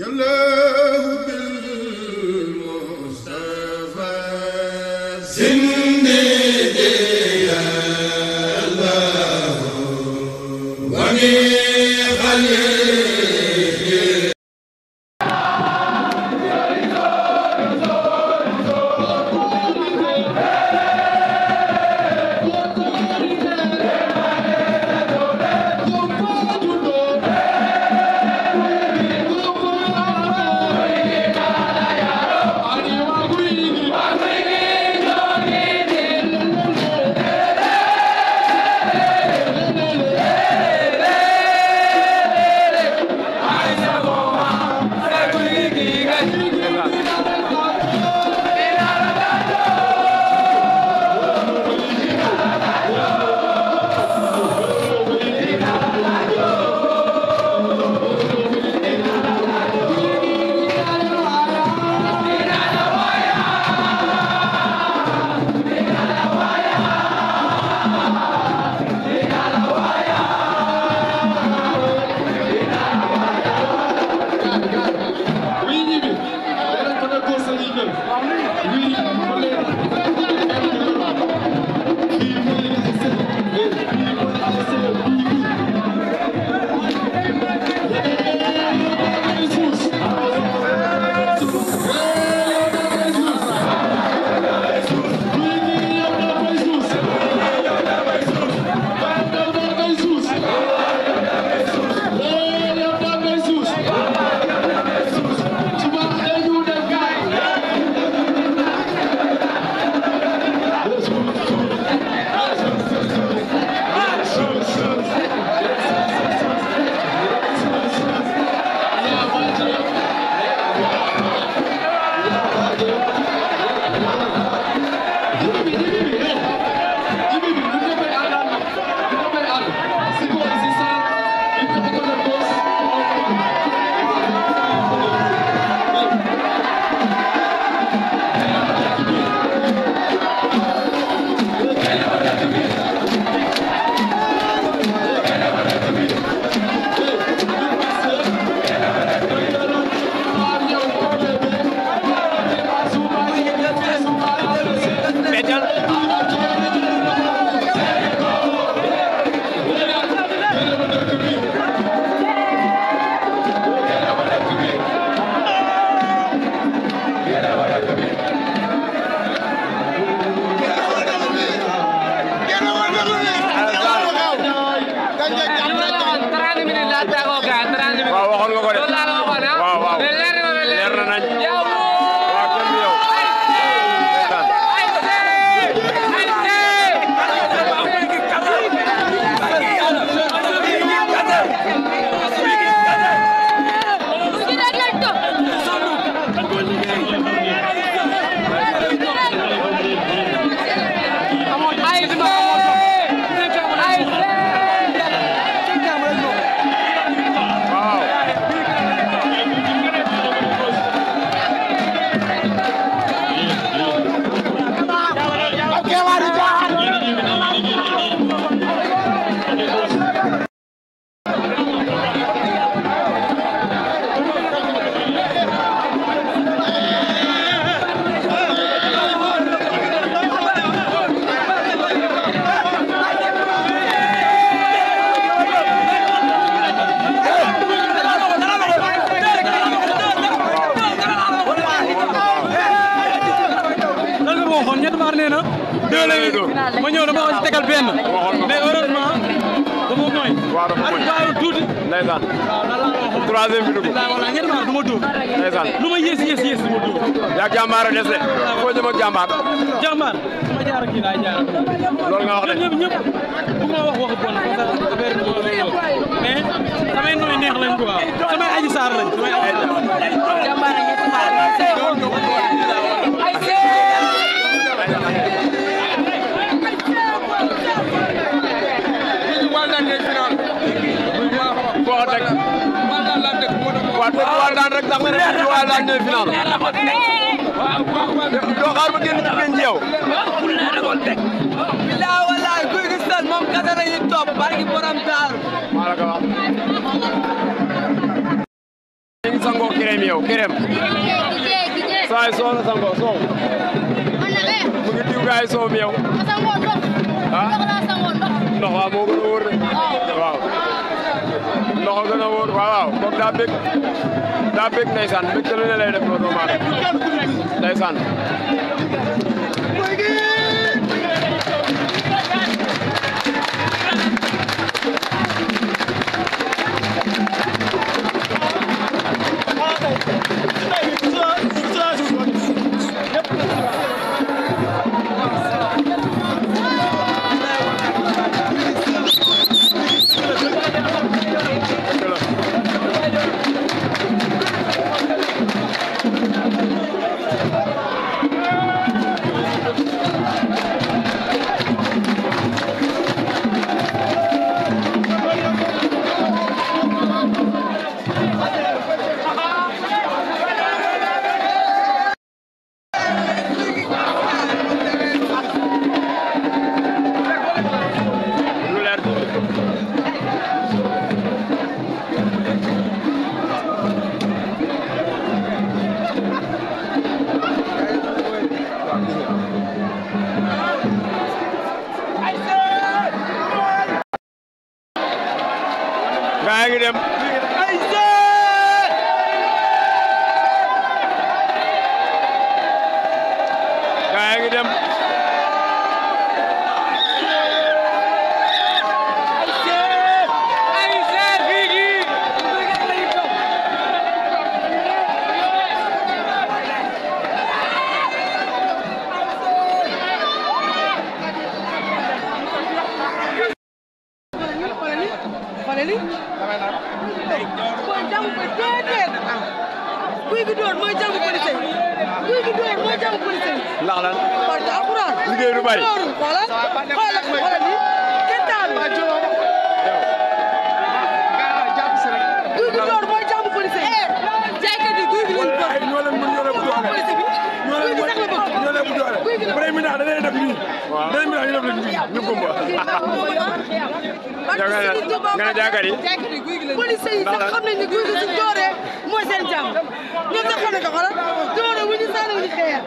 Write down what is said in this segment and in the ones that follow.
yàlla Anlaşıldı. Anlaşıldı. ñëw léegi ma ñëw dama ko ci tegal benn mais heureusement dama mooy ak baaru tuuti ndeysaan troisième bi dugg wala ñetti baaru du ma dugg ndeysaan lu ma yées yées yées du ma dugg yaa jàmbaar a des de foo jëm ak jàmbaar o ma jaar ak o laay jaar loolu nga wax de ñëpp ñëpp bu ma de wax bon Dakar daan rek tax nga ne fii waaye daan ne doo xaar ba génn ci penc yow. bilaa walaay kuy gis seen moom kese la ñuy topp barki taar. maa la ko wax. ñu ngi sangoo crème yow crème. saa yi soo la sangoo soo. mu ah? gën a wóor de ah. gën a wóor daa bëgg ndeysaan mbégte lu ne lay def loolu doomu aadama ndeysaan li mooy jàmm ko déedéet guy gi door mooy jàmm police guy gi door mooy jàmm police ndax lan parce que alxuraan liggéey du bari xoolal xoolal nga ne jaakaar yi. sax xam nañ ne guy gi suñ dooree mooy seen jàmm ñoom doore wu ñu sànni wu xeer.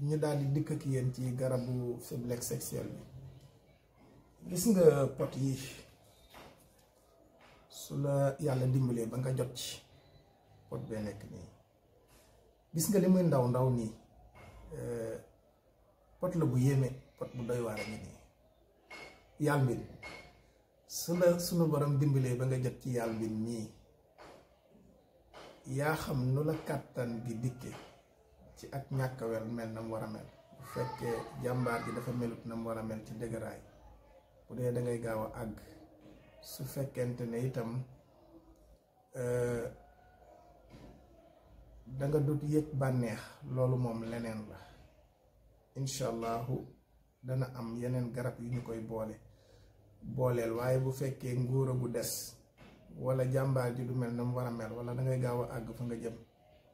ñu daal di dikk ak yéen ci garabu faiblesse sexuelle bi gis nga pot yi su la yàlla dimbalee ba nga jot ci pot bee nekk nii gis nga li muy ndaw ndaw nii eh, pot la bu yéeme pot bu doy waar a ngi nii yàlla mbin su la sunu borom dimbalee ba nga jot ci yàlla mbin nii yaa xam nu la kàttan gi dikke ci ak ñak wel mel na mel bu fekkee jàmbaar ji dafa melut na mel ci dëgëraay bu de da ngay gawa ag su fekente ne itam eh, da nga dut yek banex lolu mom lenen la inshallah dana am yenen garab yu ñukoy koy boole booleel waaye bu fekke nguura gu dess wala jambar ji du mel na mel wala da ngay gawa ag fa nga jëm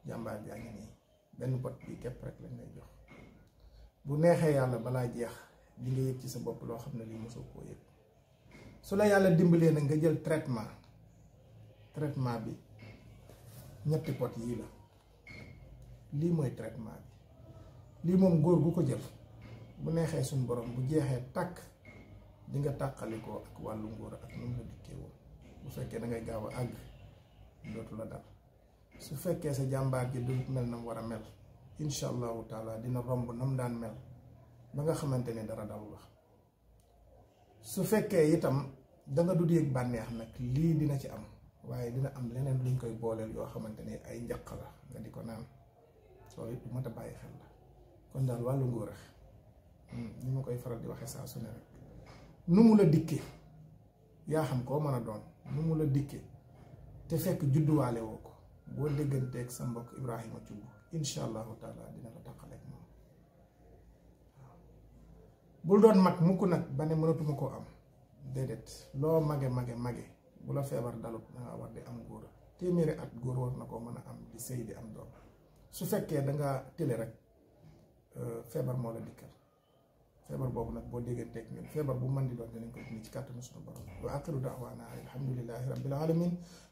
jambar jaa ngi ni ben pot bi kep rek lañ lay jox bu nexé yalla bala jeex di nga yek ci sa bop lo xam ne lii ko yek su la yalla dimbalé na nga jël traitement traitement bi ñetti pot yi la li moy traitement bi li mom góor gu ko jël bu nexé sun borom bu jeexé tak di nga takaliko ak walu ngor ak ñu la bu fekkee da ngay gawa ag dootu la dal su fekkee sa jàmbaar ji du mel na war a mel incha allahu taala dina romb nam daan mel ba nga xamante ne dara daw la su fekkee itam da du dut bànneex nag lii dina ci am waaye dina am leneen luñ koy booleel yoo xamante ni ay njaq la nga di ko naan soo it mat a bàyyi xel la kon daal wàllu ngóor rek hmm, ni koy faral di waxee saa nu mu la yaa xam koo mën a doon nu mu la dikkee te fekk judduwaale woo ko deugante ak sa mbokk Ibrahima Thioub inshallah taala dina la taqaleeg ak mom bul doon mag muko nak bané mënatuma am dedet. Lo mage mage mage bu la dalu da nga war di am goor téméré at goor war nako mëna am di sey di am doom su da nga télé rek euh, Febar mo la dikkal bobu nak bo boo dégganteeg ñun febar bu man di doon dañ ko ci carte suñu wa axiru daawaana alhamdulilahi rabbil alamin